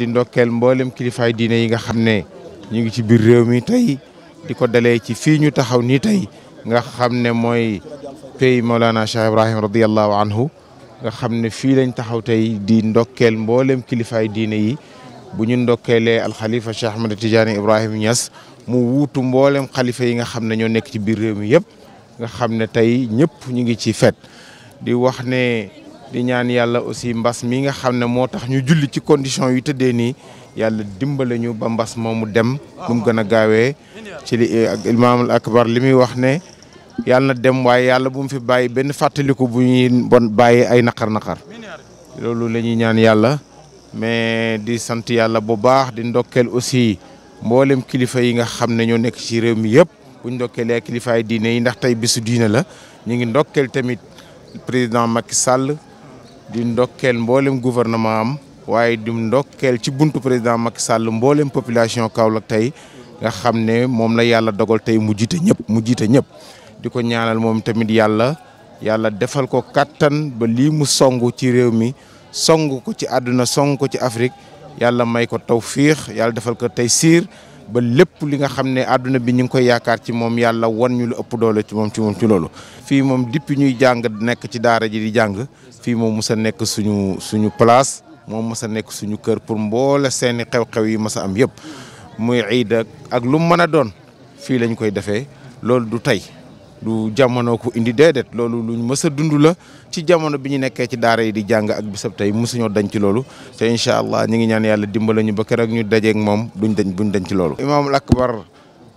di ndokkeel mboolem kilifaay diine yi nga xamne ñi ngi ci bir rew mi tay diko dalé ci fi ñu taxaw ni tay nga xamne moy pey Maulana Cheikh Ibrahim radiyallahu anhu nga xamne fi lañ taxaw tay di ndokkeel mboolem kilifaay diine yi bu ñu al khalifa Cheikh Ahmed Tidiane Ibrahim Niass mu wutu mbollem khalifa yi nga xamne ño nekk ci bir rew mi yëpp nga xamne tay ñëpp ñi ngi ci fet di wax ne di ñaan yàlla aussi mbas mi nga xam ne moo tax ñu julli ci condition yu tëddee nii yàlla dimbale ñu ba mbas mu dem nu mu gën a gaawee ci ak imaamul akbar li muy wax ne yàlla na dem waaye yàlla bu mu fi bàyyi benn fàttaliku bu ñuy bon bàyyi ay naqar-naqar loolu la ñuy ñaan yàlla mais di sant yàlla bu baax di ndokkeel aussi mboolem kilifa yi nga xam ne ñoo nekk ci réew mi yëpp buñ ndokkeelee kilifaay diine yi ndax tey bisu diine la ñu ngi ndokkeel tamit président Macky Sall di ndokkeel mboolem gouvernement am waaye di ndokkeel ci buntu président Macky Sall mbooleem population Kaolack tey nga xam ne moom la yàlla dogal tey mu jiite ñëpp mu jiite ñëpp di ko ñaanal moom tamit yàlla yàlla defal ko kattan ba lii mu song ci réew mi song ko ci àdduna song ko ci Afrique yàlla may ko taw fiix yàlla defal ko tey siir ba lépp li nga xam ne àdduna bi ñu ngi koy yaakaar ci moom yàlla wan ñu lu ëpp doole ci moom ci moom ci loolu. fii moom dipp ñuy jàng nekk ci daara ji di jàng fii moom mës a nekk suñu suñu place moom mës nekk suñu kër pour mboole seeni xew-xew yi mës a am yëpp muy iid ak lu mu mën a doon fii lañu koy defee loolu du tey. lu jamono ko indi déedéet loolu lu mës a dund la ci jamono bi ñu nekkee ci daara yi di jàng ak bisab tey mësuñoo dañ ci loolu te incha allah ñu ngi ñaan yàlla dimbala ñu ba kër ak ñu dajeeg moom duñ dañ buñ dañ ci loolu. imaamul akbar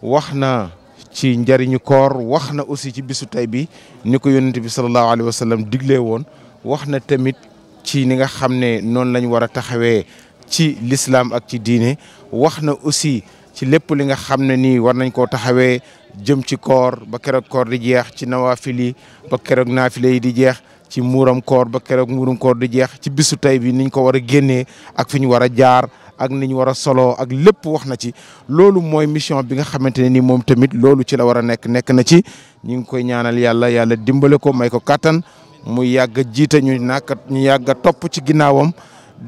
wax na ci njariñu koor wax na aussi ci bisu tey bi ni ko yónnent bi sallallahu alayhi wa sallam diglee woon wax na tamit ci ni nga xam ne noonu lañ war a taxawee ci lislaam ak ci diine wax na aussi ci lépp li nga xam ne nii war nañ koo taxawee. jëm ci koor ba keroog koor di jeex ci nawaafil yi ba keroog naafile di jeex ci muuram koor ba keroog muuram koor di jeex ci bisu tey bi niñ ko war a génnee ak fi ñu war a jaar ak ni ñu war a soloo ak lépp wax na ci loolu mooy mission bi nga xamante ne ni moom tamit loolu ci la war a nekk nekk na ci ñu ngi koy ñaanal yàlla yàlla dimbale ko may ko kàttan mu yàgg a jiite ñu naka ñu yàgg topp ci ginnaawam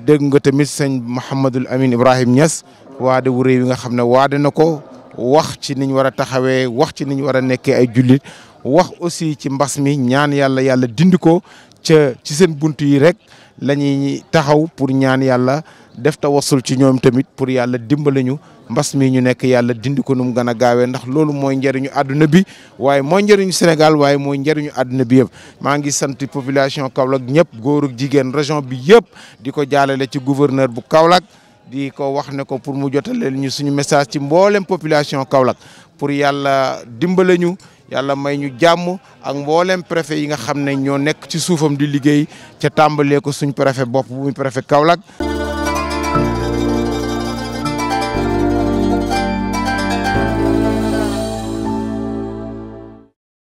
dégg nga tamit sëñ Mouhamadul Amin Ibrahim Niass waade wu réew yi nga xam ne waade na ko wax ci niñ war a taxawee wax ci niñ war a nekkee ay jullit wax aussi ci mbas mi ñaan yàlla yàlla dindi ko ca ci seen bunt yi rek la ñuy taxaw pour ñaan yàlla def tawassul ci ñoom tamit pour yàlla dimbale ñu mbas mi ñu nekk yàlla dindi ko nu mu gën a gaawee ndax loolu mooy njëriñu àdduna bi waaye mooy njëriñu Sénégal waaye mooy njëriñu àdduna bi yëpp maa ngi sant population Kaolack ñëpp góor jigéen région bi yëpp di ko jaalale ci gouverneur bu Kaolack di ko wax ne ko pour mu jotaleel ñu suñu message ci mboolem population Kaolack pour yàlla dimbale ñu yàlla may ñu jàmm ak mboolem préfet yi nga xam ne ñoo nekk ci suufam di liggéey ca tàmbalee ko suñ préfet bopp bu muy préfet Kaolack.